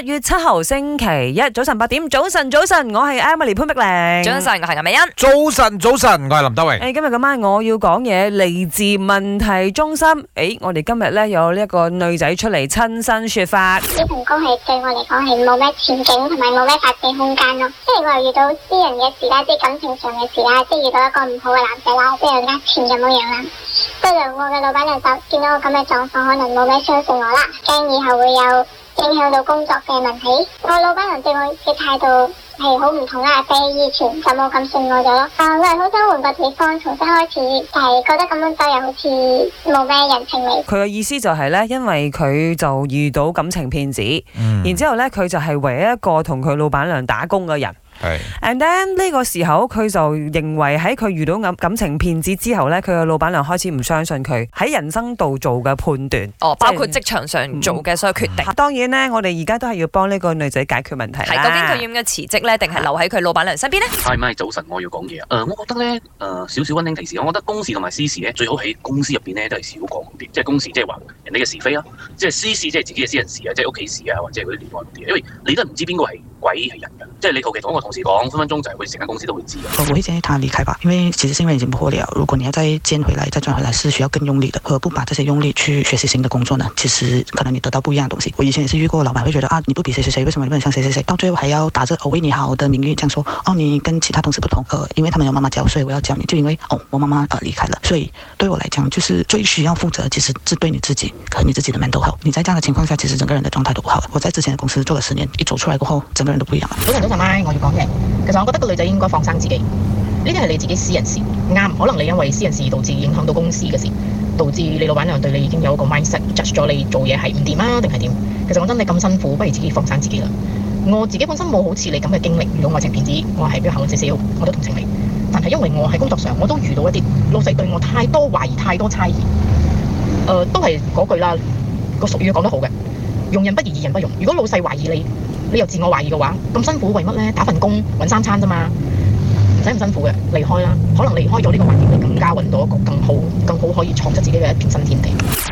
八月七號星期一早晨八點，早晨早晨，我係 Emily 潘碧玲，早晨我係林美欣，早晨早晨我係林德榮。誒，今日今晚我要講嘢嚟自問題中心。誒，我哋今日咧有呢一個女仔出嚟親身說法。呢份工係對我嚟講係冇咩前景，同埋冇咩發展空間咯。即係我又遇到私人嘅事啦，即係感情上嘅事啦，即係遇到一個唔好嘅男仔啦，即係呃錢咁樣樣啦。不過我嘅老闆娘就見到我咁嘅狀況，可能冇咩相信我啦，驚以後會有。影響到工作嘅問題，我老闆娘對我嘅態度係好唔同啦，比以前就冇咁信我咗咯。但我係好想換個地方重新開始，係覺得咁樣做又好似冇咩人情味。佢嘅意思就係、是、咧，因為佢就遇到感情騙子，mm. 然之後咧佢就係唯一一個同佢老闆娘打工嘅人。係，and then 呢個時候佢就認為喺佢遇到感情騙子之後咧，佢嘅老闆娘開始唔相信佢喺人生度做嘅判斷，哦，包括職場上做嘅所有決定。嗯嗯啊，當然咧，我哋而家都係要幫呢個女仔解決問題啦。係究竟佢要唔要辭職咧，定係留喺佢老闆娘身邊咧？Hi Mike，早晨，我要講嘢啊。誒、呃，我覺得咧，誒、呃，少少溫馨提示，我覺得公事同埋私事咧，最好喺公司入邊咧都係少講啲，即係公事，即係話人哋嘅是非啊，即係私事，即係自己嘅私人事啊，即係屋企事啊，或者嗰啲亂啲，因為你都唔知邊個係。鬼係人噶，即係你求其同我同事講，分分鐘就會成間公司都會知。哦，我會建議他離開吧，因為其實是因已經破了。如果你要再建回來，再轉回來，是需要更用力的。何不把這些用力去學習新的工作呢？其實可能你得到不一樣的東西。我以前也是遇過老闆會覺得啊，你不比誰誰誰，為什麼你不能像誰誰誰？到最後還要打着我為你好的名義這樣說哦，你跟其他同事不同。呃，因為他們有媽媽教，所以我要教你。就因為哦，我媽媽呃離開了，所以對我來講，就是最需要負責，其實是對你自己和你自己的 mental 好。你在這樣的情況下，其實整個人的狀態都不好了。我在之前的公司做了十年，一走出來過後，人都早晨，早晨，咪我要講嘢。其實我覺得個女仔應該放生自己，呢啲係你自己私人事，啱可能你因為私人事導致影響到公司嘅事，導致你老闆娘對你已經有一個 mindset，judge 咗你做嘢係唔掂啊，定係點？其實講真，你咁辛苦，不如自己放生自己啦。我自己本身冇好似你咁嘅經歷，遇到愛情騙子，我係比較幸運少少，我都同情你。但係因為我喺工作上，我都遇到一啲老細對我太多懷疑、太多猜疑，誒、呃，都係嗰句啦，個俗語講得好嘅，用人不疑，疑人不用。如果老細懷疑你，你又自我懷疑嘅話，咁辛苦為乜呢？打份工揾三餐啫嘛，唔使咁辛苦嘅，離開啦。可能離開咗呢個環境，就更加揾到一個更好、更好可以闖出自己嘅一片新天地。